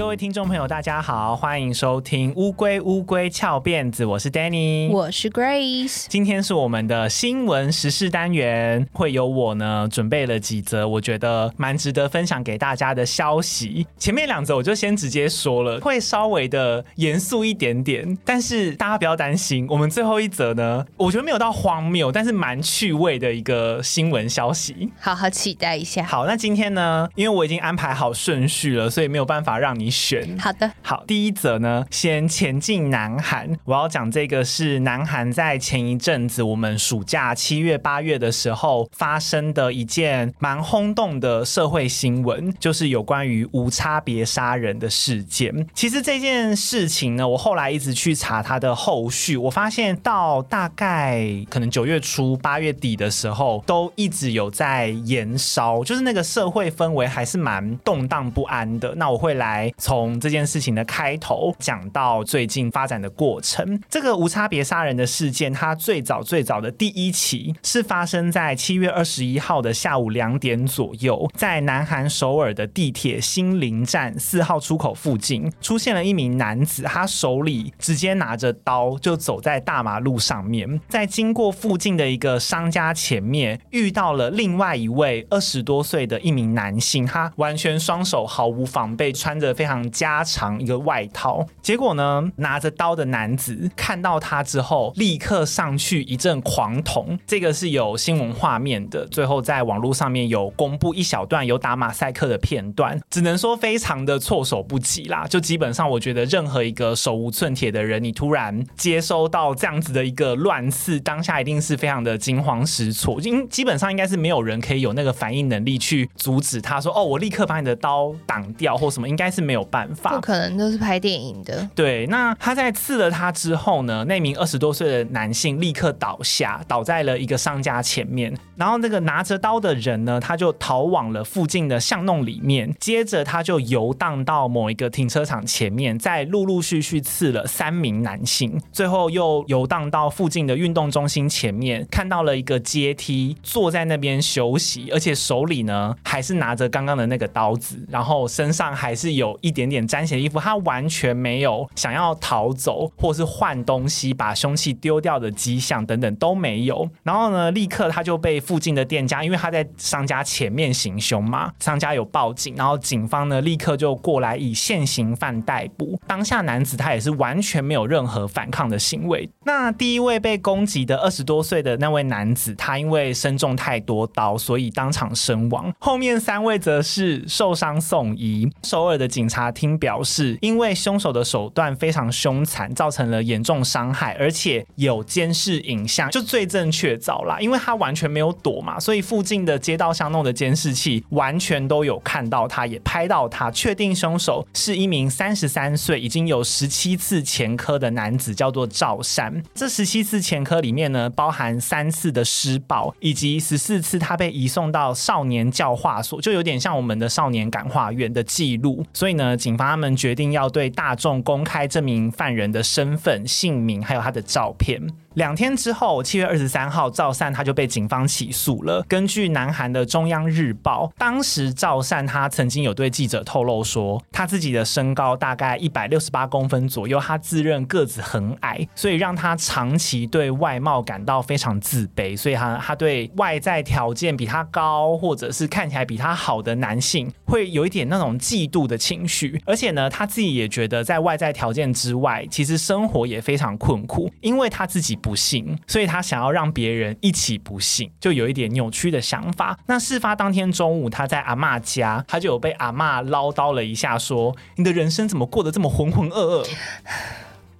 各位聽眾朋友，大家好，歡迎收聽《烏龜烏龜翹辮子》，我是 Danny，我是 Grace。今天是我們的新聞時事單元，會由我呢準備了幾則我覺得蠻值得分享給大家的消息。前面兩則我就先直接說了，會稍微的嚴肅一點點，但是大家不要擔心。我們最後一則呢，我覺得沒有到荒謬，但是蠻趣味的一個新聞消息，好好期待一下。好，那今天呢，因為我已經安排好順序了，所以沒有辦法讓你。選好的好，第一則呢，先前進南韓。我要講這個是南韓在前一陣子，我們暑假七月、八月的時候發生的一件蠻轟動的社會新聞，就是有關於無差別殺人的事件。其實這件事情呢，我後來一直去查它的後續，我發現到大概可能九月初、八月底的時候，都一直有在延燒，就是那個社會氛圍還是蠻動盪不安的。那我會來。從這件事情的開頭講到最近發展的過程，這個無差別殺人的事件，它最早最早的第一起是發生在七月二十一號的下午兩點左右，在南韓首爾的地鐵新林站四號出口附近，出現了一名男子，他手裡直接拿着刀就走在大馬路上面，在經過附近的一個商家前面，遇到了另外一位二十多歲的一名男性，他完全雙手毫無防備，穿着。非常加長一個外套，結果呢，拿着刀的男子看到他之後，立刻上去一陣狂捅。這個是有新聞畫面的，最後在網絡上面有公布一小段有打馬賽克的片段，只能說非常的措手不及啦。就基本上，我覺得任何一個手無寸鐵的人，你突然接收到這樣子的一個亂刺，當下一定是非常的驚慌失措。因基本上應該是沒有人可以有那個反應能力去阻止他，說哦，我立刻把你的刀擋掉或什麼，應該是。沒有辦法，不可能都是拍電影的。對，那他在刺了他之後呢？那名二十多歲的男性立刻倒下，倒在了一個商家前面。然後那個拿着刀的人呢，他就逃往了附近的巷弄裡面。接着他就遊蕩到某一個停車場前面，再陸陸續續刺了三名男性。最後又遊蕩到附近的運動中心前面，看到了一個階梯，坐在那邊休息，而且手裡呢還是拿着剛剛的那個刀子，然後身上還是有。一點點沾血的衣服，他完全沒有想要逃走，或是換東西、把凶器丟掉的跡象等等都沒有。然後呢，立刻他就被附近的店家，因為他在商家前面行凶嘛，商家有報警，然後警方呢立刻就過來以現行犯逮捕。當下男子他也是完全沒有任何反抗的行為。那第一位被攻擊的二十多歲的那位男子，他因為身中太多刀，所以當場身亡。後面三位則是受傷送醫。首爾的警警察廳表示，因為兇手的手段非常兇殘，造成了嚴重傷害，而且有監視影像，就罪證確鑿了。因為他完全沒有躲嘛，所以附近的街道巷弄的監視器完全都有看到他，也拍到他。確定兇手是一名三十三歲、已經有十七次前科的男子，叫做趙山。這十七次前科裡面呢，包含三次的施暴，以及十四次他被移送到少年教化所，就有點像我們的少年感化院的記錄。所以呃，警方他們決定要對大眾公開這名犯人的身份、姓名，還有他的照片。兩天之後，七月二十三號，趙善他就被警方起訴了。根據南韓的中央日報，當時趙善他曾經有對記者透露說，他自己的身高大概一百六十八公分左右，他自認個子很矮，所以讓他長期對外貌感到非常自卑，所以他他對外在條件比他高或者是看起來比他好的男性，會有一點那種嫉妒的情緒。而且呢，他自己也覺得在外在條件之外，其實生活也非常困苦，因為他自己不幸，所以他想要讓別人一起不幸，就有一點扭曲的想法。那事發當天中午，他在阿嬤家，他就有被阿嬤嘮叨了一下，說：“你的人生怎麼過得這麼渾渾噩噩？”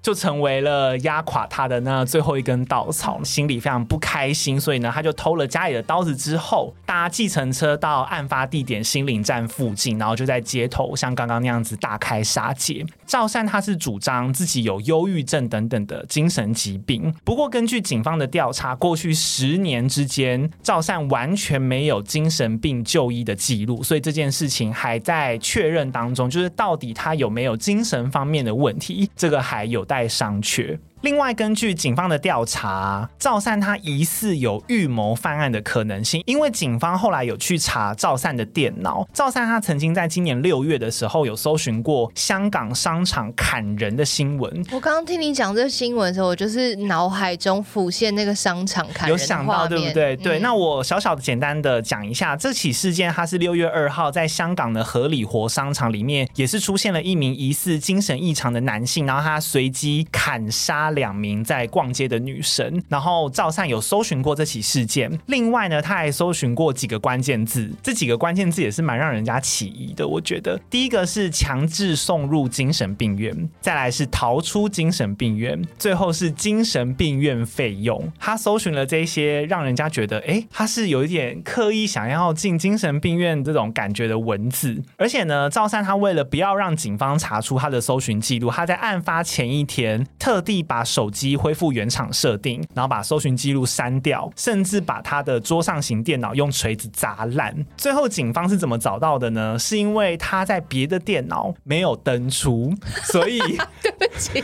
就成為了壓垮他的那最後一根稻草，心裡非常不開心，所以呢，他就偷了家裡的刀子，之後搭計程車到案發地點新林站附近，然後就在街頭像剛剛那樣子大開殺戒。趙善他是主張自己有憂鬱症等等的精神疾病，不過根據警方的調查，過去十年之間趙善完全沒有精神病就醫的記錄，所以這件事情還在確認當中，就是到底他有沒有精神方面的問題，這個還有。帶上去。另外，根據警方的調查，趙善他疑似有預謀犯案的可能性，因為警方後來有去查趙善的電腦。趙善他曾經在今年六月的時候有搜尋過香港商場砍人的新聞。我剛剛聽你講這個新聞的時候，我就是腦海中浮現那個商場砍人的畫面，有想到對不對？嗯、對。那我小小的簡單的講一下這起事件，它是六月二號在香港的荷里活商場裡面，也是出現了一名疑似精神異常的男性，然後他隨機砍殺。兩名在逛街的女神，然後趙善有搜尋過這起事件。另外呢，他還搜尋過幾個關鍵字，這幾個關鍵字也是蠻讓人家起疑的。我覺得第一個是強制送入精神病院，再來是逃出精神病院，最後是精神病院費用。他搜尋了這些，讓人家覺得，誒，他是有一點刻意想要進精神病院這種感覺的文字。而且呢，趙善他為了不要讓警方查出他的搜尋記錄，他在案發前一天特地把。把手機恢復原廠設定，然後把搜尋記錄刪掉，甚至把他的桌上型電腦用錘子砸爛。最後警方是怎麼找到的呢？是因為他在別的電腦沒有登出，所以對不起。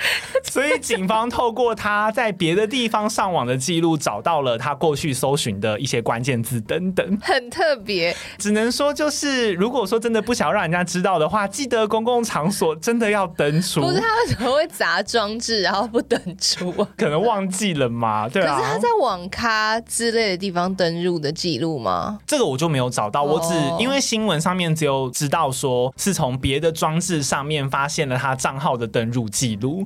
所以警方透過他在別的地方上網的記錄，找到了他過去搜尋的一些關鍵字等等，很特別。只能說，就是如果說真的不想要讓人家知道的話，記得公共場所真的要登出。不是他為什麼會砸裝置，然後不登出？可能忘記了嗎？對啊。可是他在網咖之類的地方登入的記錄嗎？這個我就沒有找到。我只因為新聞上面只有知道說是從別的裝置上面發現了他賬號的登入記錄。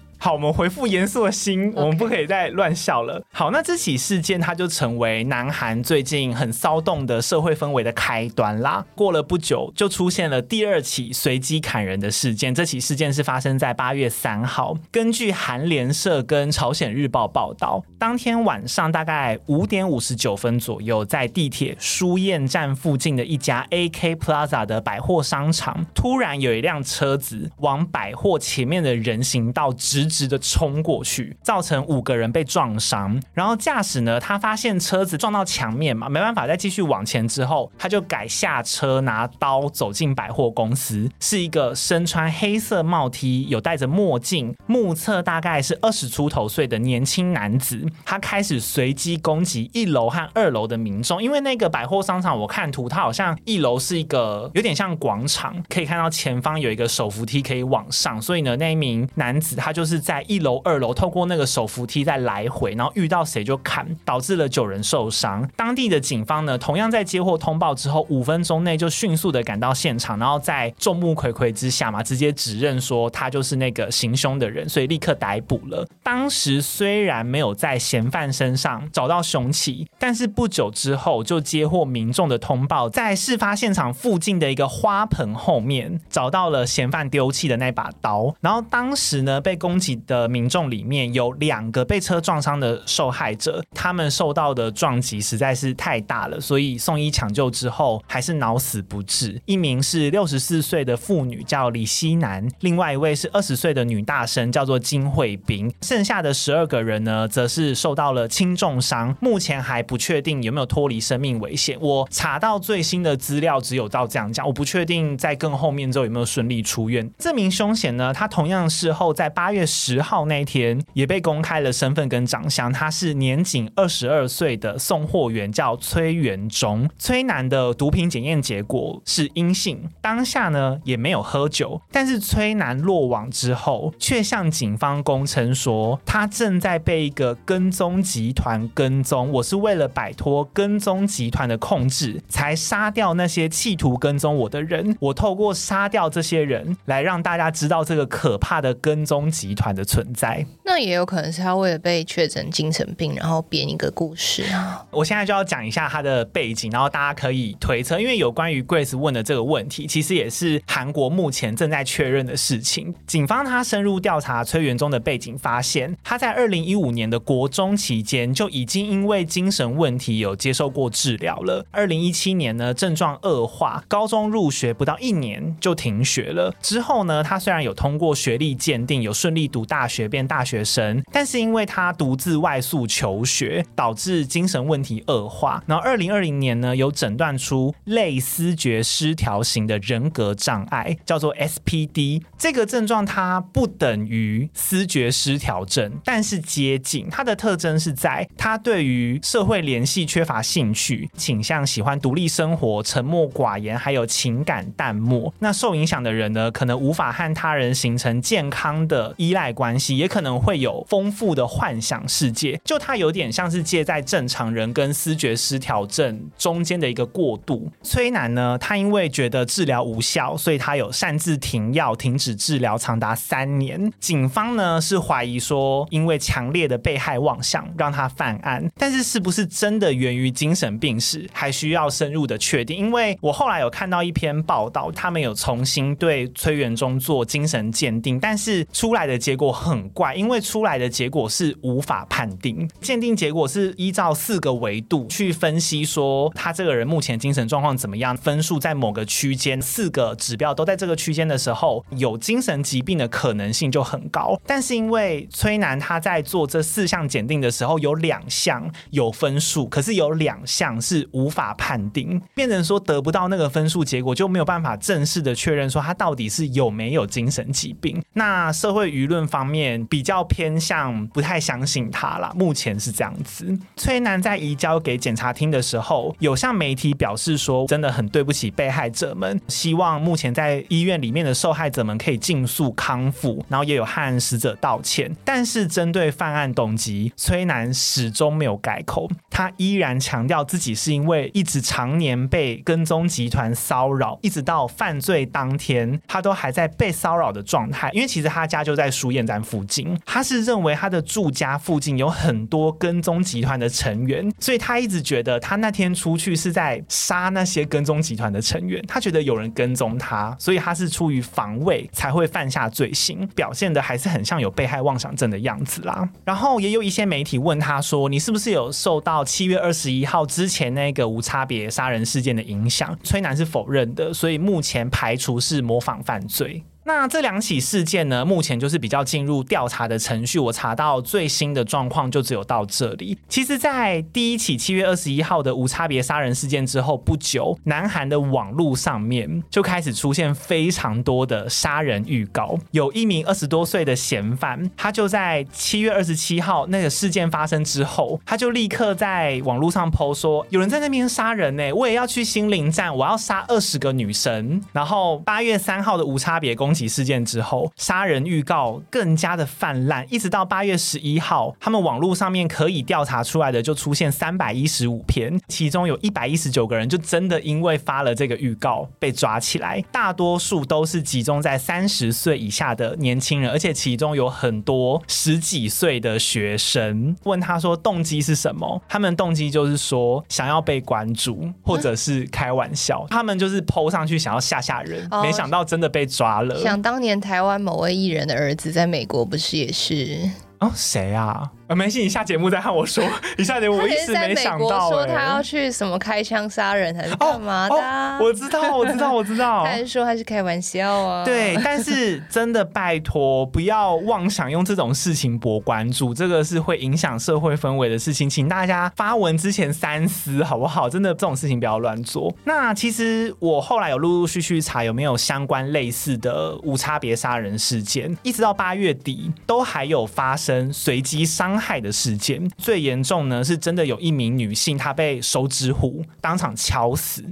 好，我們回復嚴肅的心，Okay. 我們不可以再亂笑了。好，那這起事件它就成為南韓最近很騷動的社會氛圍的開端啦。過了不久，就出現了第二起隨機砍人的事件。這起事件是發生在八月三號，根據韓聯社跟朝鮮日報報道，當天晚上大概五點五十九分左右，在地鐵書宴站附近的一家 AK Plaza 的百貨商場，突然有一輛車子往百貨前面的人行道直。直、直的衝過去，造成五個人被撞傷。然後駕駛呢，他發現車子撞到牆面嘛，沒辦法再繼續往前，之後他就改下車拿刀走進百貨公司。是一個身穿黑色帽 T、有戴着墨鏡、目測大概是二十出頭歲的年輕男子。他開始隨機攻擊一樓和二樓的民眾。因為那個百貨商場，我看圖，他好像一樓是一個有點像廣場，可以看到前方有一個手扶梯可以往上。所以呢，那一名男子他就是。在一樓、二樓，透過那個手扶梯在來回，然後遇到誰就砍，導致了九人受傷。當地的警方呢，同樣在接獲通報之後，五分鐘內就迅速的趕到現場，然後在眾目睽睽之下嘛，直接指認說他就是那個行兇的人，所以立刻逮捕了。當時雖然沒有在嫌犯身上找到兇器，但是不久之後就接獲民眾的通報，在事發現場附近的一個花盆後面找到了嫌犯丟棄的那把刀，然後當時呢被攻擊。的民眾裡面有兩個被車撞傷的受害者，他們受到的撞擊實在是太大了，所以送醫搶救之後還是腦死不治。一名是六十四歲的婦女叫李希南，另外一位是二十歲的女大生叫做金慧斌。剩下的十二個人呢，則是受到了輕重傷，目前還不確定有沒有脫離生命危險。我查到最新的資料只有照這樣講，我不確定在更後面之後有沒有順利出院。這名兇嫌呢，他同樣事後在八月十。十號那天也被公開了身份跟長相，他是年僅二十二歲的送貨員，叫崔元忠。崔男的毒品檢驗結果是陰性，當下呢也沒有喝酒。但是崔男落網之後，卻向警方供稱說，他正在被一個跟蹤集團跟蹤，我是為了擺脫跟蹤集團的控制，才殺掉那些企圖跟蹤我的人。我透過殺掉這些人，來讓大家知道這個可怕的跟蹤集團的存在，那也有可能是他為了被確診精神病，然後編一個故事啊。我現在就要講一下他的背景，然後大家可以推測，因為有關於 Grace 問的這個問題，其實也是韓國目前正在確認的事情。警方他深入調查崔元宗的背景，發現他在二零一五年的國中期間就已經因為精神問題有接受過治療了。二零一七年呢，症狀惡化，高中入學不到一年就停學了。之後呢，他雖然有通過學歷鑑定，有順利。讀大學變大學生，但是因為他獨自外宿求學，導致精神問題惡化。然後二零二零年呢，有診斷出類思覺失調型的人格障礙，叫做 SPD。這個症狀它不等於思覺失調症，但是接近。它的特徵是在他對於社會聯繫缺乏興趣，傾向喜歡獨立生活，沉默寡言，還有情感淡漠。那受影響的人呢，可能無法和他人形成健康的依賴。愛關係也可能會有豐富的幻想世界，就他有點像是介在正常人跟思覺失調症中間的一個過渡。崔男呢，他因為覺得治療無效，所以他有擅自停藥、停止治療長達三年。警方呢是懷疑說，因為強烈的被害妄想讓他犯案，但是是不是真的源於精神病史，還需要深入的確定。因為我後來有看到一篇報道，他們有重新對崔元宗做精神鑑定，但是出來的結結果很怪，因為出來的結果是無法判定。鑑定結果是依照四個維度去分析，說他這個人目前精神狀況怎麼樣，分數在某個區間，四個指標都在這個區間的時候，有精神疾病的可能性就很高。但是因為崔楠他在做這四項鑑定的時候，有兩項有分數，可是有兩項是無法判定，變成說得不到那個分數結果，就沒有辦法正式的確認說他到底是有沒有精神疾病。那社會輿論。方面比較偏向不太相信他啦，目前是這樣子。崔楠在移交給檢察廳的時候，有向媒體表示說，真的很對不起被害者們，希望目前在醫院裡面的受害者們可以儘速康復，然後也有和死者道歉。但是針對犯案動機，崔楠始終沒有改口，他依然強調自己是因為一直常年被跟蹤集團騷擾，一直到犯罪當天，他都還在被騷擾的狀態。因為其實他家就在輸燕站附近，他是認為他的住家附近有很多跟蹤集團的成員，所以他一直覺得他那天出去是在殺那些跟蹤集團的成員。他覺得有人跟蹤他，所以他是出於防衛才會犯下罪行，表現得還是很像有被害妄想症的樣子啦。然後也有一些媒體問他說：“你是不是有受到七月二十一號之前那個無差別殺人事件的影響？”崔男是否認的，所以目前排除是模仿犯罪。那這兩起事件呢，目前就是比較進入調查的程序。我查到最新的狀況就只有到這裡。其實，在第一起七月二十一號的無差別殺人事件之後不久，南韓的網絡上面就開始出現非常多的殺人預告。有一名二十多歲的嫌犯，他就在七月二十七號那個事件發生之後，他就立刻在網絡上 PO 說：“有人在那邊殺人呢、欸，我也要去新林站，我要殺二十個女生。”然後八月三號的無差別攻擊事件之後，殺人預告更加的泛濫，一直到八月十一號，他們網絡上面可以調查出來的就出現三百一十五篇，其中有一百一十九個人就真的因為發了這個預告被抓起來，大多數都是集中在三十歲以下的年輕人，而且其中有很多十幾歲的學生。問他說動機是什麼？他們動機就是說想要被關注，或者是開玩笑，嗯、他們就是 po 上去想要嚇嚇人，oh. 沒想到真的被抓了。想當年，台灣某位藝人的兒子在美國，不是也是？啊，誰啊？沒事，你下節目再和我說。你下節目，我一直沒想到、欸。他說他要去什麼開槍殺人還是幹嘛的、啊哦哦？我知道，我知道，我知道。還是說他是開玩笑啊？對，但是真的，拜托，不要妄想用這種事情博關注，這個是會影響社會氛圍的事情，請大家發文之前三思，好不好？真的這種事情不要亂做。那其實我後來有陸陸續續,續查有沒有相關類似的無差別殺人事件，一直到八月底都還有發生隨機傷。害的事件最嚴重呢，是真的有一名女性她被手指虎當場敲死。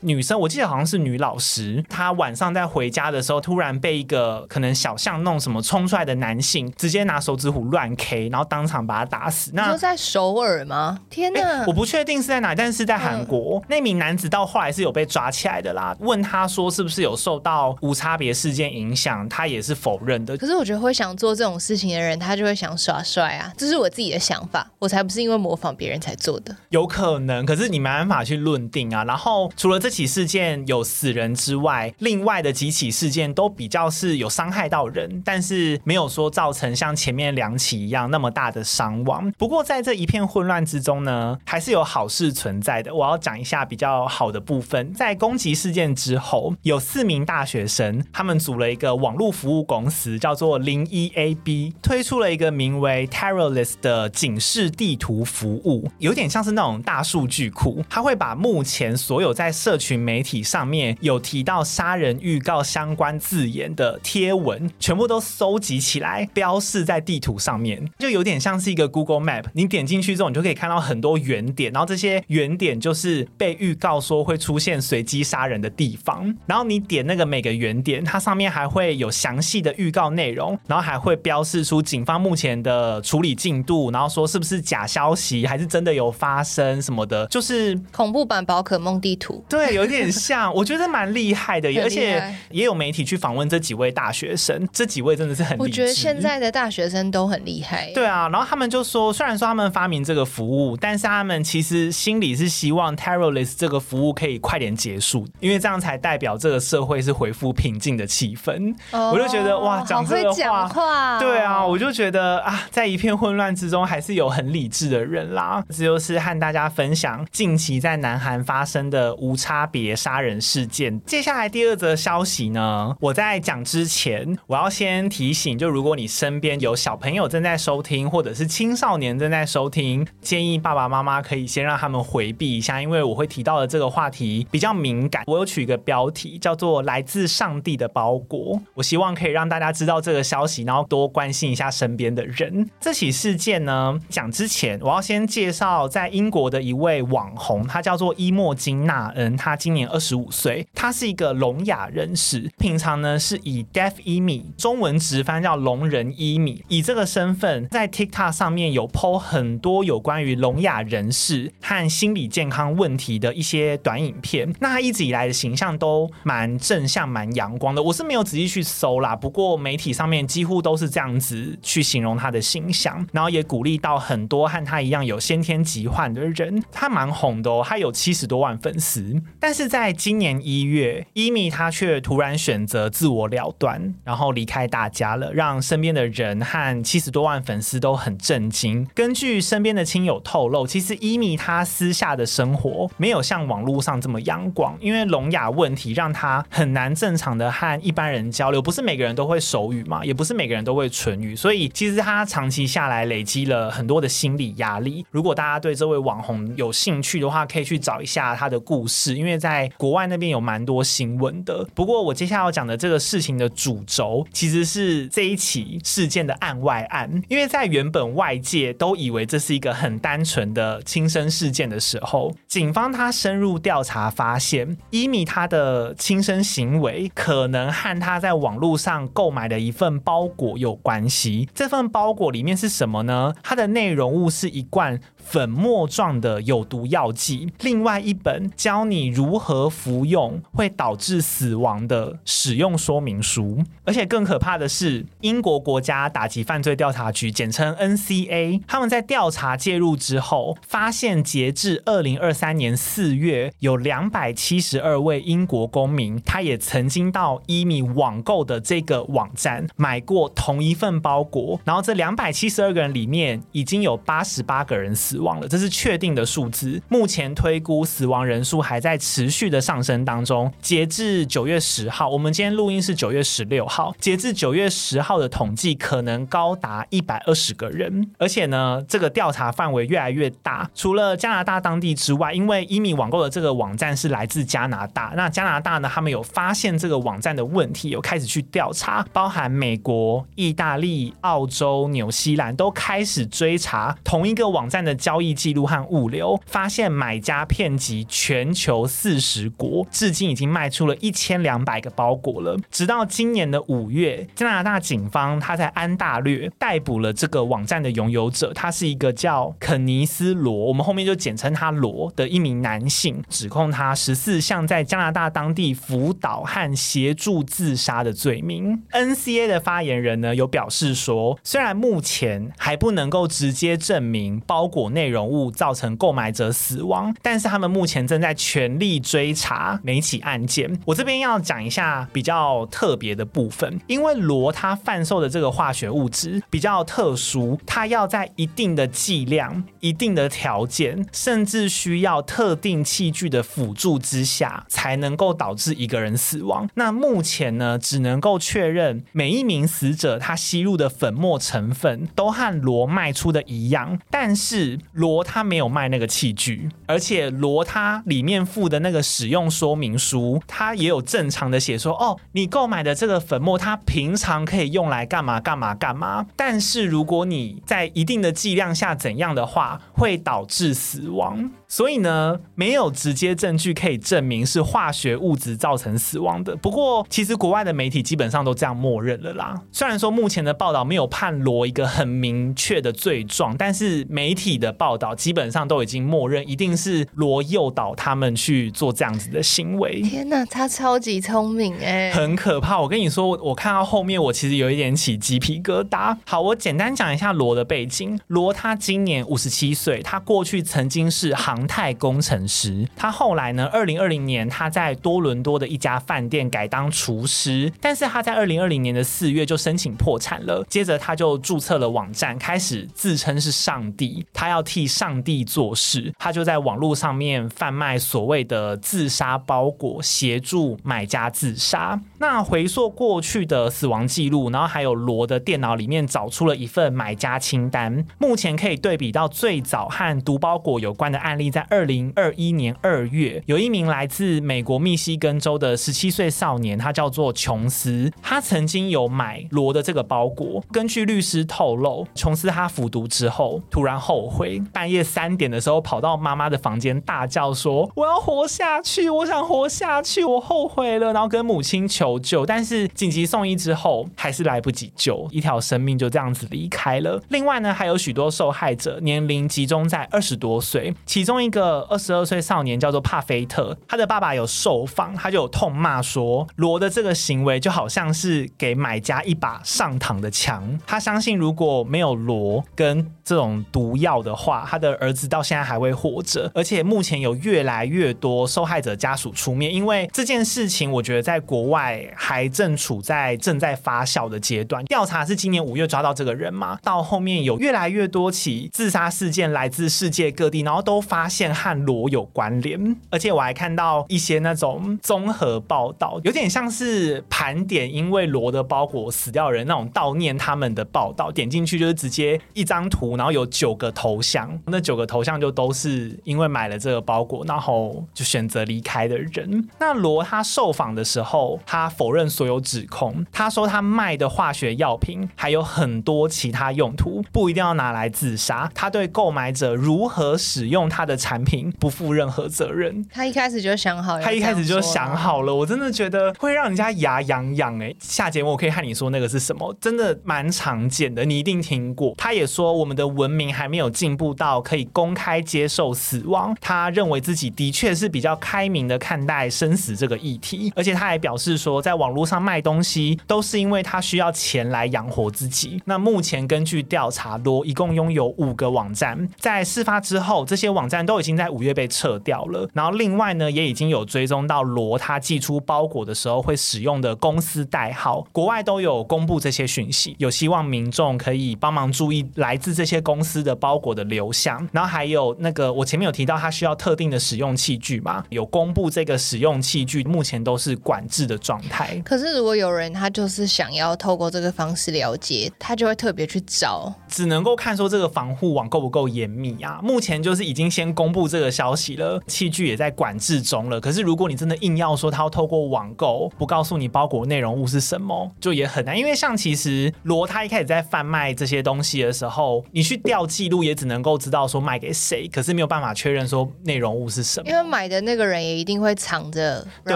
女生我記得好像是女老師，她晚上在回家的時候，突然被一個可能小巷弄什麼衝出來的男性，直接拿手指虎亂 K，然後當場把她打死。那你說在首爾嗎？天哪！欸，我不確定是在哪，但是在韓國。嗯，那名男子到後來是有被抓起來的啦。問他說是不是有受到無差別事件影響，他也是否認的。可是我覺得會想做這種事情的人，他就會想耍帥啊。這是我自己的想法，我才不是因為模仿別人才做的。有可能，可是你沒辦法去論定啊。然後，除了這起事件有死人之外，另外的幾起事件都比較是有傷害到人，但是沒有說造成像前面兩起一樣那麼大的傷亡。不過，在這一片混亂之中呢，還是有好事存在的。我要講一下比較好的部分。在攻擊事件之後，有四名大學生，他們組了一個網絡服務公司，叫做零一 AB，推出了一個名為 Terry 的警示地圖服務有點像是那種大數據庫，它會把目前所有在社群媒體上面有提到殺人預告相關字眼的貼文，全部都收集起來，標示在地圖上面，就有點像是一個 Google Map。你點進去之後，你就可以看到很多圓點，然後這些圓點就是被預告說會出現隨機殺人的地方。然後你點那個每個圓點，它上面還會有詳細的預告內容，然後還會標示出警方目前的處理。進度，然後說是不是假消息，還是真的有發生什麼的？就是恐怖版寶可夢地圖，對，有點像。 我覺得蠻厲害的，害而且也有媒體去訪問這幾位大學生，這幾位真的是很厲害。我覺得現在的大學生都很厲害。對啊，然後他們就說，雖然說他們發明這個服務，但是他們其實心裡是希望 terrorless 這個服務可以快點結束，因為這樣才代表這個社會是恢復平靜的氣氛。Oh, 我就覺得哇，講這個話，話對啊，我就覺得啊，在一片。混亂之中，還是有很理智的人啦。這就是和大家分享近期在南韓發生的無差別殺人事件。接下來第二則消息呢，我在講之前，我要先提醒，就如果你身邊有小朋友正在收聽，或者是青少年正在收聽，建議爸爸媽媽可以先讓他們回避一下，因為我會提到的這個話題比較敏感。我有取一個標題叫做《來自上帝的包裹》，我希望可以讓大家知道這個消息，然後多關心一下身邊的人。這起。事件呢，講之前，我要先介紹在英國的一位網紅，他叫做伊莫金·納恩，他今年二十五歲，他是一個聾啞人士，平常呢是以 Deaf 伊米，e、Me, 中文直翻叫聾人伊米，e、Me, 以這個身份在 TikTok 上面有 PO 很多有關於聾啞人士和心理健康問題的一些短影片。那他一直以來的形象都蠻正向、蠻陽光的。我是沒有仔細去搜啦，不過媒體上面幾乎都是這樣子去形容他的形象。然後也鼓勵到很多和他一樣有先天疾患的人，他蠻紅的哦，他有七十多萬粉絲。但是在今年一月，伊米他卻突然選擇自我了斷，然後離開大家了，讓身邊的人和七十多萬粉絲都很震驚。根據身邊的親友透露，其實伊米他私下的生活沒有像網絡上這麼陽光，因為聾啞問題讓他很難正常的和一般人交流。不是每個人都會手語嘛，也不是每個人都會唇語，所以其實他長期下。來累積了很多的心理壓力。如果大家對這位網紅有興趣的話，可以去找一下他的故事，因為在國外那邊有蠻多新聞的。不過，我接下來要講的這個事情的主軸，其實是這一起事件的案外案。因為在原本外界都以為這是一個很單純的輕生事件的時候，警方他深入調查，發現伊米他的輕生行為可能和他在網絡上購買的一份包裹有關係。這份包裹裡面是。什麼呢？它的內容物是一罐，粉末狀的有毒藥劑，另外一本教你如何服用會導致死亡的使用說明書。而且更可怕的是，英國國家打擊犯罪調查局（簡稱 NCA） 他們在調查介入之後，發現截至二零二三年四月，有兩百七十二位英國公民，他也曾經到伊米網購的這個網站買過同一份包裹。然後這兩百七十二個人裡面，已經有八十八個人死。死亡了，這是確定的數字。目前推估死亡人數還在持續的上升當中。截至九月十號，我們今天錄音是九月十六號。截至九月十號的統計可能高達一百二十個人，而且呢，這個調查範圍越來越大。除了加拿大當地之外，因為一米網購的這個網站是來自加拿大，那加拿大呢，他們有發現這個網站的問題，有開始去調查，包含美國、意大利、澳洲、紐西蘭都開始追查同一個網站的。交易記錄和物流，發現買家遍及全球四十國，至今已經賣出了一千兩百個包裹了。直到今年的五月，加拿大警方他在安大略逮捕了這個網站的擁有者，他是一個叫肯尼斯·羅，我們後面就簡稱他羅的一名男性，指控他十四項在加拿大當地輔導和協助自殺的罪名。NCA 的發言人呢有表示說，雖然目前還不能夠直接證明包裹。內容物造成購買者死亡，但是他們目前正在全力追查每起案件。我這邊要講一下比較特別的部分，因為羅他販售的這個化學物質比較特殊，它要在一定的劑量、一定的條件，甚至需要特定器具的輔助之下，才能夠導致一個人死亡。那目前呢，只能夠確認每一名死者他吸入的粉末成分都和羅賣出的一樣，但是。羅他沒有賣那個器具，而且羅他裡面附的那個使用說明書，他也有正常的寫說：哦，你購買的這個粉末，它平常可以用來幹嘛幹嘛幹嘛。但是如果你在一定的劑量下怎樣的話，會導致死亡。所以呢，沒有直接證據可以證明是化學物質造成死亡的。不過，其實國外的媒體基本上都這樣默認了啦。雖然說目前的報道沒有判羅一個很明確的罪狀，但是媒體的。的報道基本上都已經默認，一定是羅誘導他們去做這樣子的行為。天哪，他超級聰明哎、欸，很可怕。我跟你說，我看到後面，我其實有一點起雞皮疙瘩。好，我簡單講一下羅的背景。羅他今年五十七歲，他過去曾經是航太工程師，他後來呢，二零二零年他在多倫多的一家飯店改當廚師，但是他在二零二零年的四月就申請破產了，接着他就注冊了網站，開始自稱是上帝，他要。要替上帝做事，他就在網絡上面販賣所謂的自殺包裹，協助買家自殺。那回溯過去的死亡記錄，然後還有羅的電腦裡面找出了一份買家清單。目前可以對比到最早和毒包裹有關的案例，在二零二一年二月，有一名來自美國密西根州的十七歲少年，他叫做瓊斯。他曾經有買羅的這個包裹，根據律師透露，瓊斯他服毒之後突然後悔，半夜三點的時候，跑到媽媽的房間大叫說：“我要活下去，我想活下去，我後悔了。”然後跟母親求救，但是緊急送醫之後，還是來不及救，一條生命就這樣子離開了。另外呢，還有許多受害者，年齡集中在二十多歲，其中一個二十二歲少年叫做帕菲特，他的爸爸有受訪，他就有痛罵說：“羅的這個行為就好像是給買家一把上膛的槍。”他相信如果沒有羅跟這種毒藥的話。話，他的兒子到現在還會活着，而且目前有越來越多受害者家屬出面，因為這件事情，我覺得在國外還正處在正在發酵的階段。調查是今年五月抓到這個人嘛？到後面有越來越多起自殺事件來自世界各地，然後都發現和羅有關聯，而且我還看到一些那種綜合報道，有點像是盤點因為羅的包裹死掉的人那種悼念他們的報道。點進去就是直接一張圖，然後有九個頭。想那九個頭像就都是因為買了這個包裹，然後就選擇離開的人。那羅他受訪的時候，他否認所有指控。他說他賣的化學藥品還有很多其他用途，不一定要拿來自殺。他對購買者如何使用他的產品不負任何責任。他一開始就想好了，他一開始就想好了。我真的覺得會讓人家牙癢癢哎。下節目我可以和你說那個是什麼，真的蠻常見的，你一定聽過。他也說我們的文明還沒有進步步到可以公開接受死亡，他認為自己的確是比較開明的看待生死這個議題，而且他還表示說，在網絡上賣東西都是因為他需要錢來養活自己。那目前根據調查，羅一共擁有五個網站，在事發之後，這些網站都已經在五月被撤掉了。然後另外呢，也已經有追蹤到羅他寄出包裹的時候會使用的公司代號，國外都有公布這些訊息，有希望民眾可以幫忙注意來自這些公司的包裹的。流向，然後還有那個，我前面有提到，它需要特定的使用器具嘛，有公布這個使用器具，目前都是管制的狀態。可是如果有人他就是想要透過這個方式了解，他就會特別去找。只能夠看說這個防護網夠不夠嚴密啊？目前就是已經先公布這個消息了，器具也在管制中了。可是如果你真的硬要說他要透過網購，不告訴你包裹內容物是什麼，就也很難。因為像其實羅他一開始在販賣這些東西的時候，你去調記錄也只能夠知道說賣給誰，可是沒有辦法確認說內容物是什麼，因為買的那個人也一定會藏着，對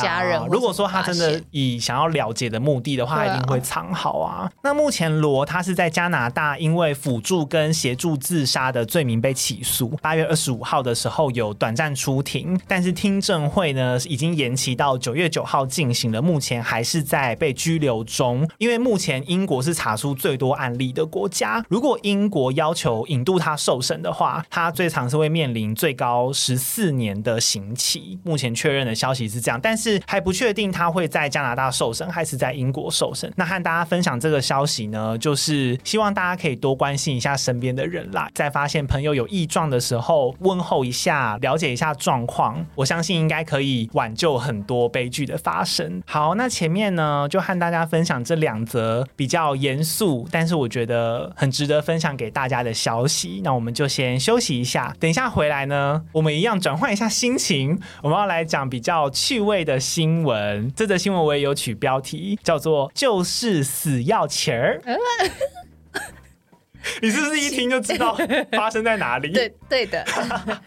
家人對啊。啊，如果說他真的以想要了解的目的的話，啊啊，一定會藏好啊。那目前羅他是在加拿大，因為輔助跟協助自殺的罪名被起訴。八月二十五號的時候有短暫出庭，但是聽證會呢已經延期到九月九號進行了，目前還是在被拘留中。因為目前英國是查出最多案例的國家，如果英國要求引渡他。受審的話，他最長是會面臨最高十四年的刑期。目前確認的消息是這樣，但是還不確定他會在加拿大受審還是在英國受審。那和大家分享這個消息呢，就是希望大家可以多關心一下身邊的人啦，在發現朋友有異狀的時候，問候一下，了解一下狀況。我相信應該可以挽救很多悲劇的發生。好，那前面呢，就和大家分享這兩則比較嚴肅，但是我覺得很值得分享給大家的消息。那那我們就先休息一下，等一下回來呢，我們一樣轉換一下心情。我們要來講比較趣味的新聞，這則新聞我也有取標題，叫做“就是死要錢兒”。 你是不是一聽就知道發生在哪裡？ 對對的。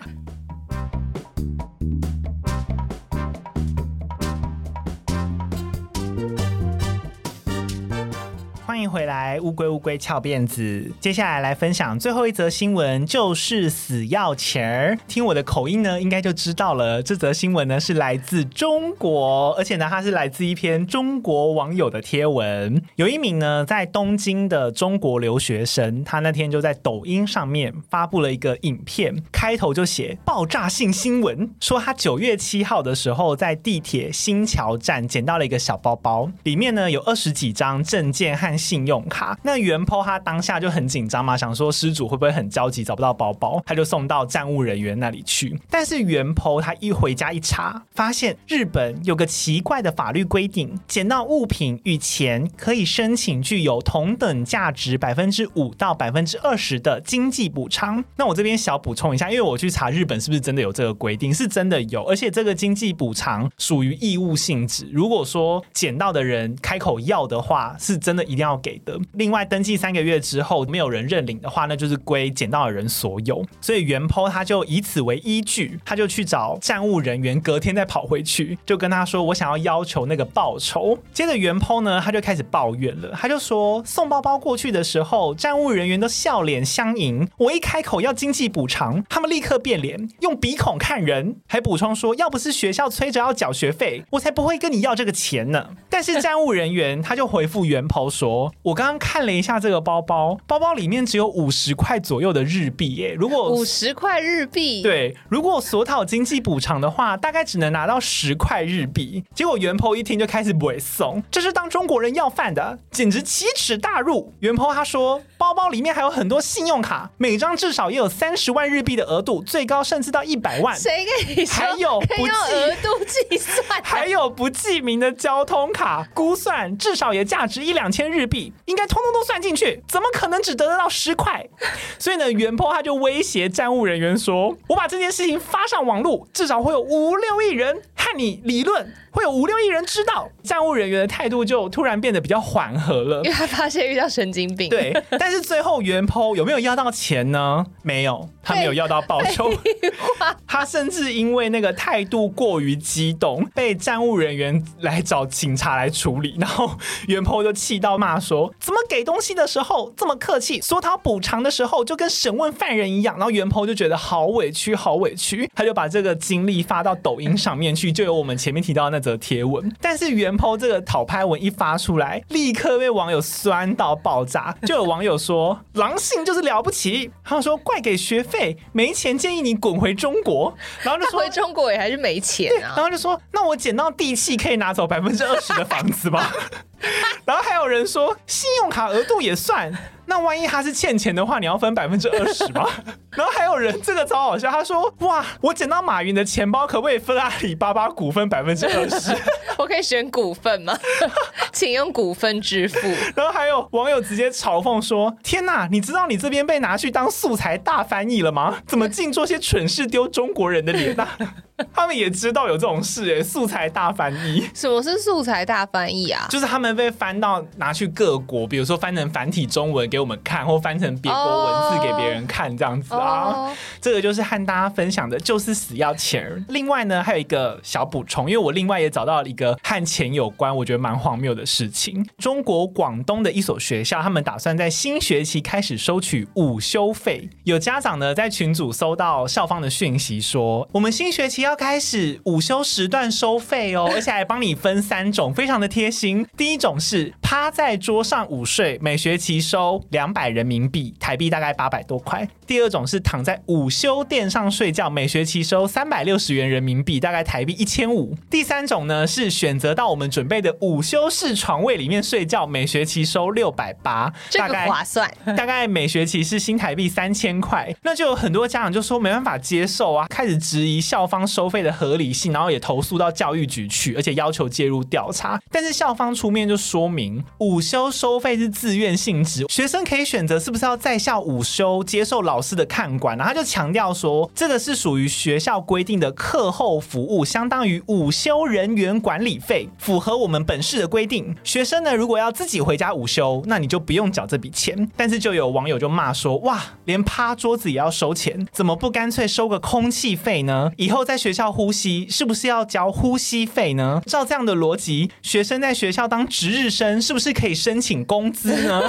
歡迎回來，烏龜烏龜翹辮子。接下來來分享最後一則新聞，就是死要錢兒。聽我的口音呢，應該就知道了。這則新聞呢是來自中國，而且呢它是來自一篇中國網友的貼文。有一名呢在東京的中國留學生，他那天就在抖音上面發布了一個影片，開頭就寫爆炸性新聞，說他九月七號的時候在地鐵新橋站撿到了一個小包包，裡面呢有二十幾張證件和信用卡，那原 PO 他當下就很緊張嘛，想說失主會不會很焦急，找不到包包，他就送到站務人員那裡去。但是原 PO 他一回家一查，發現日本有個奇怪的法律規定：撿到物品與錢可以申請具有同等價值百分之五到百分之二十的經濟補償。那我這邊小補充一下，因為我去查日本是不是真的有這個規定，是真的有，而且這個經濟補償屬於義務性質。如果說撿到的人開口要的話，是真的一定要給的。另外，登記三個月之後沒有人認領的話，那就是歸撿到的人所有。所以原 PO 他就以此為依據，他就去找站務人員，隔天再跑回去，就跟他說：“我想要要求那個報酬。”接着原 PO 呢，他就開始抱怨了，他就說：“送包包過去的時候，站務人員都笑臉相迎，我一開口要經濟補償，他們立刻變臉，用鼻孔看人。”還補充說：“要不是學校催着要繳學費，我才不會跟你要這個錢呢。”但是站務人員他就回復原 PO 說。我剛剛看了一下這個包包，包，包包裡面只有五十塊左右的日幣耶。如果五十塊日幣，對，如果索討經濟補償的話，大概只能拿到十塊日幣。結果原 po 一聽就開始不會送，這是當中國人要飯的，簡直奇恥大辱。原 po 他說。包包裡面還有很多信用卡，每張至少也有三十萬日幣的額度，最高甚至到一百萬。誰給你還有不用額度計算、啊， 還有不記名的交通卡，估算至少也價值一兩千日幣，應該通通都算進去。怎麼可能只得得到十塊？ 所以呢，原 PO 他就威脅站務人員說：“我把這件事情發上網路，至少會有五六億人和你理論，會有五六億人知道。”站務人員的態度就突然變得比較緩和了，因為他發現遇到神經病。對，但是。是最後原 po 有沒有要到錢呢？沒有，他沒有要到報酬。Hey, hey, 他甚至因為那個態度過於激動，被站務人員來找警察來處理。然後原 po 就氣到罵說：“怎麼給東西的時候這麼客氣？說他補償的時候就跟審問犯人一樣。”然後原 po 就覺得好委屈，好委屈。他就把這個經歷發到抖音上面去，就有我們前面提到的那則貼文。但是原 po 這個討拍文一發出來，立刻被網友酸到爆炸，就有網友。 說狼性就是了不起。他說怪給學費沒錢，建議你滾回中國。然後就說回中國也還是沒錢啊。對，然後就說那我撿到地契可以拿走百分之二十的房子吧。 然後還有人說信用卡額度也算。那萬一他是欠錢的話，你要分百分之二十嗎？ 然後還有人，這個超好笑，他說：哇，我撿到馬雲的錢包，可不可以分阿里巴巴股份百分之二十？ 我可以選股份嗎？ 請用股份支付。 然後還有網友直接嘲諷說：天吶，你知道你這邊被拿去當素材大翻譯了嗎？怎麼淨做些蠢事丟中國人的臉呢、啊？ 他們也知道有這種事哎，素材大翻譯。什麼是素材大翻譯啊？就是他們被翻到拿去各國，比如說翻成繁體中文給我們看，或翻成別國文字給別人看這樣子啊。Oh. Oh. 這個就是和大家分享的，就是死要錢。 另外呢，還有一個小補充，因為我另外也找到了一個和錢有關，我覺得蠻荒謬的事情。中國廣東的一所學校，他們打算在新學期開始收取午休費。有家長呢在群組收到校方的訊息說，我們新學期。要開始午休時段收費哦，而且還幫你分三種，非常的貼心。第一種是趴在桌上午睡，每學期收兩百人民幣，台幣大概八百多塊。第二種是躺在午休墊上睡覺，每學期收三百六十元人民幣，大概台幣一千五。第三種呢是選擇到我們準備的午休室床位裡面睡覺，每學期收六百八，這個划算，大概，大概每學期是新台幣三千塊。那就有很多家長就說沒辦法接受啊，開始質疑校方。收費的合理性，然後也投訴到教育局去，而且要求介入調查。但是校方出面就說明，午休收費是自願性質，學生可以選擇是不是要在校午休接受老師的看管。然後他就強調說，這個是屬於學校規定的課後服務，相當於午休人員管理費，符合我們本市的規定。學生呢，如果要自己回家午休，那你就不用繳這筆錢。但是就有網友就罵說，哇，連趴桌子也要收錢，怎麼不乾脆收個空氣費呢？以後在學學校呼吸是不是要交呼吸費呢？照這樣的邏輯，學生在學校當值日生是不是可以申請工資呢？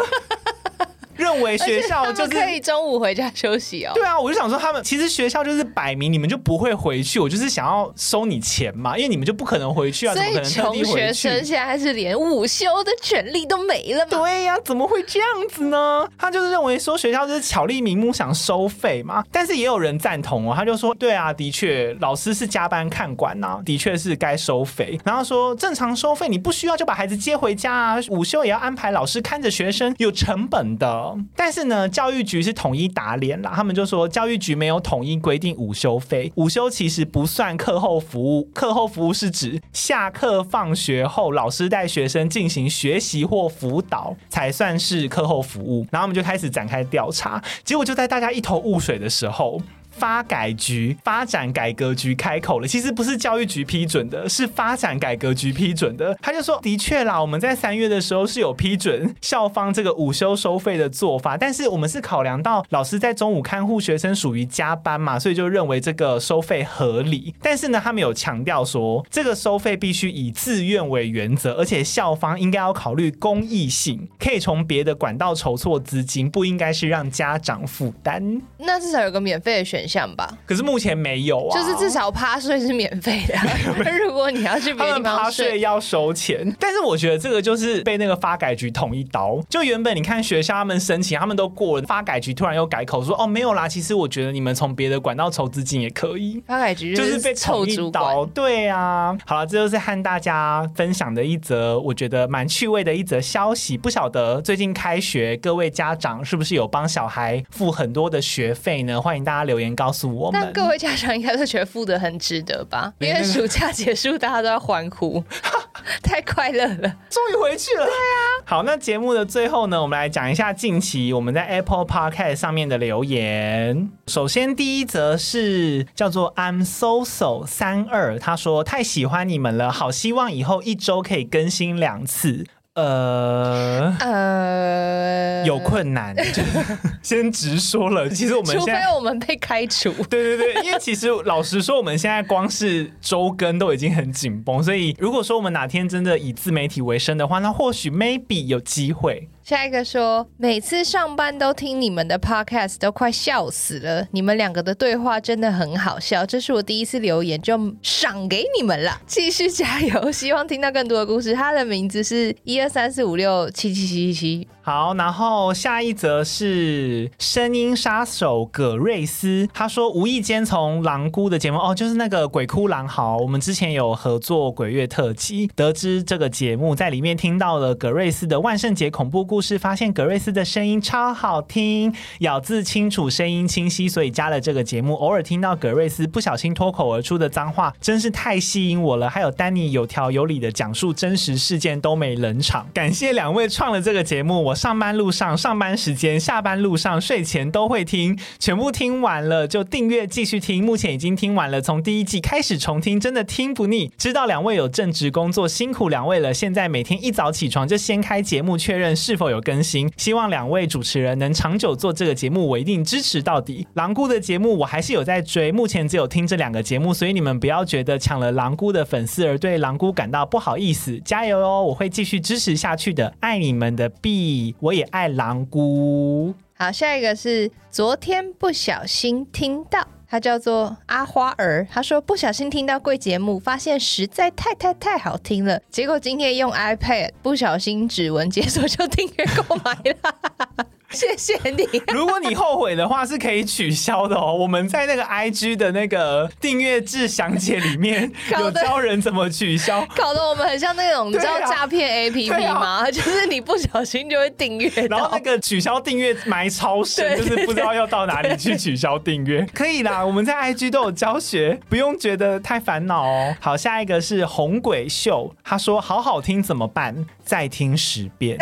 認為學校就是可以中午回家休息哦。對啊，我就想說他們其實學校就是擺明，你們就不會回去，我就是想要收你錢嘛，因為你們就不可能回去啊，以怎麼可能偷回去？學生現在還是連午休的權利都沒了。對呀、啊，怎麼會這樣子呢？他就是認為說學校就是巧立名目想收費嘛。但是也有人贊同哦，他就說，對啊，的確老師是加班看管吶、啊，的確是該收費。然後說正常收費，你不需要就把孩子接回家啊，午休也要安排老師看着學生，有成本的。但是呢，教育局是統一打臉啦，他們就說教育局沒有統一規定午休費，午休其實不算課後服務，課後服務是指下課放學後老師帶學生進行學習或輔導才算是課後服務，然後我們就開始展開調查，結果就在大家一頭霧水的時候。發改局，發展改革局開口了，其實不是教育局批准的，是發展改革局批准的。他就說：“的確啦，我們在三月的時候是有批准校方這個午休收費的做法，但是我們是考量到老師在中午看護學生屬於加班嘛，所以就認為這個收費合理。但是呢，他們有強調說，這個收費必須以自願為原則，而且校方應該要考慮公益性，可以從別的管道籌措資金，不應該是讓家長負擔。那至少有個免費的選擇。”像吧，可是目前沒有啊，就是至少趴睡是免費的、啊。 如果你要去別趴睡要收錢， 但是我覺得這個就是被那個發改局捅一刀。就原本你看學校他們申請，他們都過了，發改局突然又改口說哦沒有啦，其實我覺得你們從別的管道籌資金也可以。發改局就是被捅一刀，對啊。好了，這就是和大家分享的一則我覺得蠻趣味的一則消息。不曉得最近開學各位家長是不是有幫小孩付很多的學費呢？歡迎大家留言。告訴我們，那各位家長應該都覺得付得很值得吧？ 因為暑假結束，大家都要歡呼， 太快樂了，終於 回去了。對啊，好，那節目的最後呢，我們來講一下近期我們在 Apple Podcast 上面的留言。首先第一則是叫做 I'm So So 32，他說太喜歡你們了，好希望以後一周可以更新兩次。呃呃，呃有困難 就先直說了。其實我們，除非我們被開除，對對對，因為其實老實說，我們現在光是周更都已經很緊繃， 所以如果說我們哪天真的以自媒體為生的話，那或許 maybe 有機會。下一個說，每次上班都聽你們的 podcast，都快笑死了。你們兩個的對話真的很好笑，這是我第一次留言，就賞給你們了。繼續加油，希望聽到更多的故事。他的名字是一二三四五六七七七七七。77 77. 好，然後下一則是聲音殺手葛瑞斯，他說無意間從狼姑的節目哦，就是那個鬼哭狼嚎，我們之前有合作鬼月特輯，得知這個節目，在裡面聽到了葛瑞斯的萬聖節恐怖故事，發現葛瑞斯的聲音超好聽，咬字清楚，聲音清晰，所以加了這個節目。偶爾聽到葛瑞斯不小心脫口而出的髒話，真是太吸引我了。還有丹尼有條有理的講述真實事件都沒冷場，感謝兩位創了這個節目，我。上班路上、上班時間、下班路上、睡前都會聽，全部聽完了就訂閱繼續聽。目前已經聽完了，從第一季開始重聽，真的聽不膩。知道兩位有正職工作，辛苦兩位了。現在每天一早起床就先開節目，確認是否有更新。希望兩位主持人能長久做這個節目，我一定支持到底。狼姑的節目我還是有在追，目前只有聽這兩個節目，所以你們不要覺得搶了狼姑的粉絲而對狼姑感到不好意思。加油哦，我會繼續支持下去的，愛你們的 B。我也愛狼姑。好，下一個是昨天不小心聽到，他叫做阿花兒。他說不小心聽到貴節目，發現實在太太太好聽了，結果今天用 iPad 不小心指紋解鎖就訂閱購買了。 謝謝你。 如果你後悔的話，是可以取消的哦。我們在那個 I G 的那個訂閱制詳解裡面有教人怎麼取消，搞考對 得我們很像那種你知道詐騙 A P P 嗎？就是你不小心就會訂閱，對啊，然後那個取消訂閱埋超深，對就是不知道要到哪裡去取消訂閱。可以啦，我們在 I G 都有教學，不用覺得太煩惱哦。好，下一個是紅鬼秀，他說好好聽怎麼辦？再聽十遍，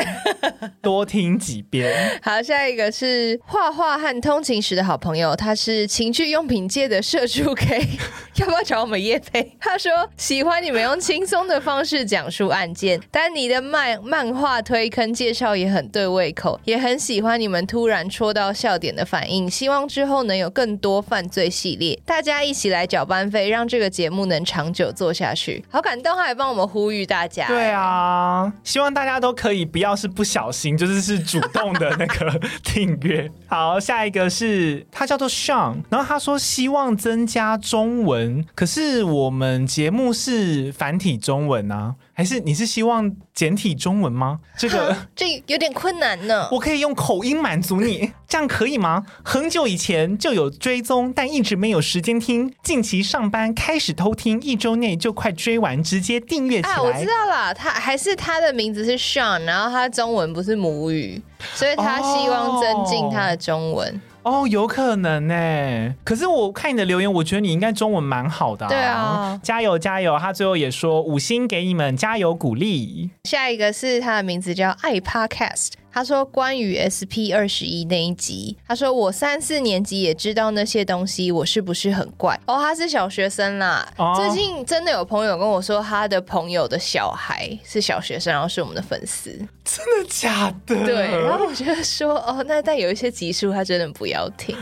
多聽幾遍。好。下一個是畫畫和通勤時的好朋友，他是情趣用品界的社畜 K， 要不要找我們業配？ 他說喜歡你們用輕鬆的方式講述案件， 但你的漫漫畫推坑介紹也很對胃口，也很喜歡你們突然戳到笑點的反應。希望之後能有更多犯罪系列，大家一起來交班費，讓這個節目能長久做下去。好感動，還幫我們呼籲大家，對啊，希望大家都可以不要是不小心，就是是主動的那個。 訂閱 好，下一個是他叫做 Sean，然後他說希望增加中文，可是我們節目是繁體中文啊。還是你是希望簡體中文嗎？這個這有點困難呢。我可以用口音滿足你，這樣可以嗎？很久以前就有追蹤，但一直沒有時間聽。近期上班開始偷聽，一周內就快追完，直接訂閱。啊，我知道啦，他還是他的名字是 Sean，然後他的中文不是母語，所以他希望增進他的中文。哦哦，oh, 有可能呢、欸。可是我看你的留言，我覺得你應該中文蠻好的、啊。對啊，加油加油！他最後也說五星給你們，加油鼓勵。下一個是他的名字叫愛 Podcast。他說：“關於 SP 二十一那一集，他說我三四年級也知道那些東西，我是不是很怪？哦，他是小學生啦。Oh. 最近真的有朋友跟我說，他的朋友的小孩是小學生，然後是我們的粉絲，真的假的？對。然後我覺得說，哦，那但有一些集數，他真的不要聽。”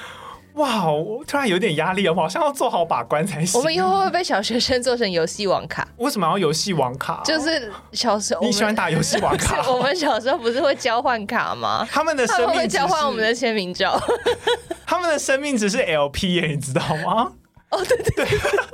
哇，我突然有點壓力了，我好像要做好把關才行啊。我們以後會不會被小學生做成遊戲王卡？為什麼要遊戲王卡？就是小時候你喜歡打遊戲王卡。 我們小時候不是會交換卡嗎？他們的生命會交換我們的簽名照， 他們的生命值是 LP，欸、你知道嗎？哦，oh, 對對對，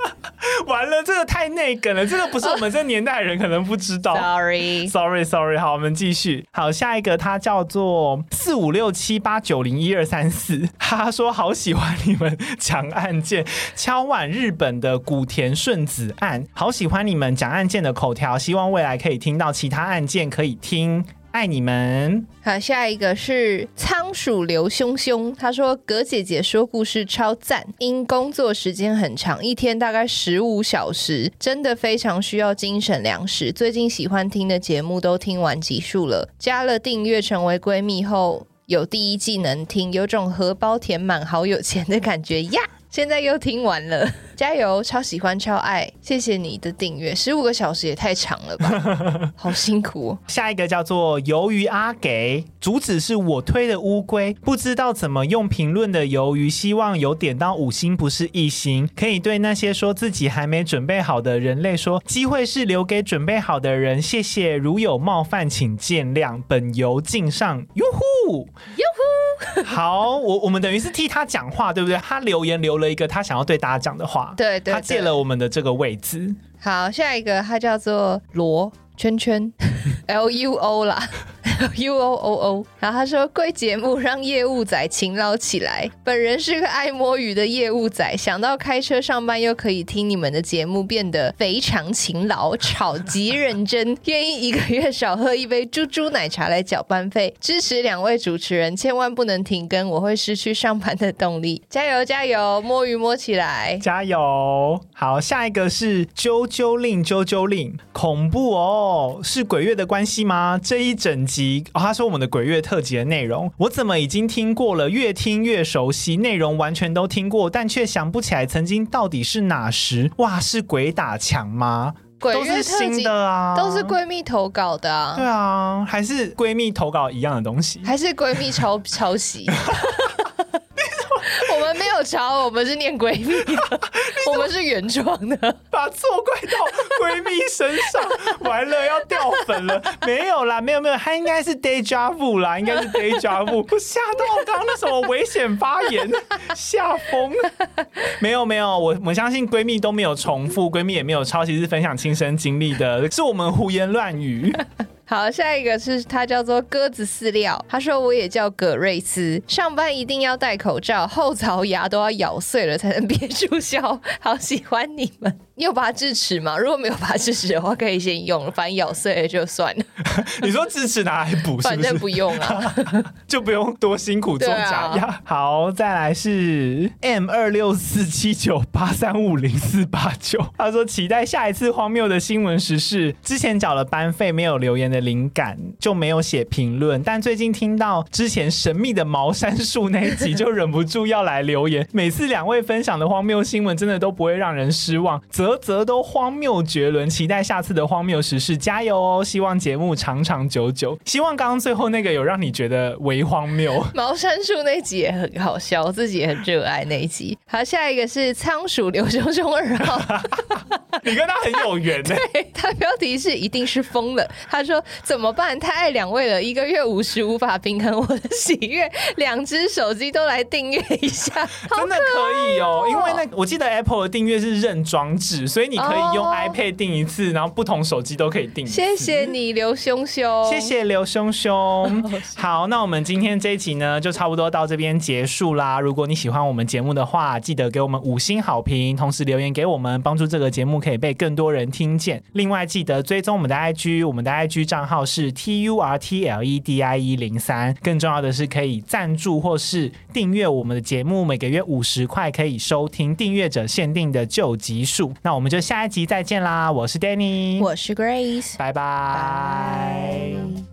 完了，這個太內梗了，這個不是我們這年代的人可能不知道。Sorry，Sorry，Sorry，oh, sorry, sorry, 好，我們繼續。好，下一個他叫做四五六七八九零一二三四，他說好喜歡你們講案件，敲碗日本的古田順子案，好喜歡你們講案件的口條，希望未來可以聽到其他案件可以聽。愛你們！好，下一個是倉鼠劉兄兄，他說：“葛姐姐說故事超讚，因工作時間很長，一天大概十五小時，真的非常需要精神糧食。最近喜歡聽的節目都聽完結束了，加了訂閱，成為閨蜜後有第一季能聽，有種荷包填滿好有錢的感覺 呀！”現在又聽完了，加油！超喜歡、超愛，謝謝你的訂閱。十五個小時也太長了吧， 好辛苦哦。下一個叫做魷魚阿給，主旨是我推的烏龜，不知道怎麼用評論的魷魚，希望有點到五星不是一星，可以對那些說自己還沒準備好的人類說：機會是留給準備好的人。謝謝，如有冒犯，請見諒。本游敬上，喲呼，喲呼 好，我我們等於是替他講話，對不對？他留言留。了一個他想要對大家講的話，對，對，對，他借了我們的這個位置。好，下一個他叫做羅圈圈 ，L U O 啦。u o o o，然後他說：“貴節目讓業務仔勤勞起來。本人是個愛摸魚的業務仔，想到開車上班又可以聽你們的節目，變得非常勤勞，超級認真，願意一個月少喝一杯豬豬奶茶來交班費。支持兩位主持人，千萬不能停更，我會失去上班的動力。加油加油，摸魚摸起來！加油！好，下一個是啾啾令，啾啾令，恐怖哦，是鬼月的關係嗎？這一整集。”哦，他說：“我們的鬼月特輯的內容，我怎麼已經聽過了？越聽越熟悉，內容完全都聽過，但卻想不起來曾經到底是哪時？哇，是鬼打牆嗎？鬼月特輯啊，都是閨蜜投稿的啊，對啊，還是閨蜜投稿一樣的東西，還是閨蜜抄抄襲。” 我們是念閨蜜，啊、我們是原創的，把錯怪到閨蜜身上， 完了要掉粉了。沒有啦，沒有沒有，她應該是 deja vu 啦，應該是 deja vu。我嚇到我剛剛那什麼危險發言，嚇瘋了。沒有沒有，我我相信閨蜜都沒有重複，閨蜜也沒有抄，其實是分享親身經歷的，是我們胡言亂語。 好，下一個是他叫做鴿子飼料。他說，我也叫葛瑞斯，上班一定要戴口罩，後槽牙都要咬碎了才能憋住笑。好喜歡你們。你有拔智齒嗎？如果沒有拔智齒的話，可以先用，反正咬碎了就算了。 你說智齒拿來補？反正不用了，啊， 就不用多辛苦做假牙。啊 yeah. 好，再來是 M 二六四七九八三五零四八九。他說期待下一次荒謬的新聞時事。之前繳了班費沒有留言的靈感就沒有寫評論，但最近聽到之前神秘的茅山術那一集，就忍不住要來留言。 每次兩位分享的荒謬新聞真的都不會讓人失望。何則都荒謬絕倫，期待下次的荒謬時事，加油哦！希望節目長長久久。希望剛剛最後那個有讓你覺得為荒謬。茅山術那集也很好笑，我自己也很熱愛那一集。好、 啊，下一個是倉鼠劉熊熊二號， 你跟他很有緣呢、欸。他標題是“一定是瘋了”，他說：“怎麼辦？太愛兩位了，一個月五十無法平衡我的喜悅，兩只手機都來訂閱一下，哦、真的可以哦！因為那我記得 Apple 的訂閱是認裝置。”所以你可以用 iPad 訂一次，oh, 然後不同手機都可以訂。謝謝你，劉兄兄。謝謝劉兄兄。 好，那我們今天這一集呢，就差不多到這邊結束啦。如果你喜歡我們節目的話，記得給我們五星好評，同時留言給我們，幫助這個節目可以被更多人聽見。另外，記得追蹤我們的 IG，我們的 IG 賬號是 T U R T L E D I E 零三。更重要的是，可以贊助或是訂閱我們的節目，每個月五十塊可以收聽訂閱者限定的舊集數。那我們就下一集再見啦！我是 Danny，我是 Grace，拜拜。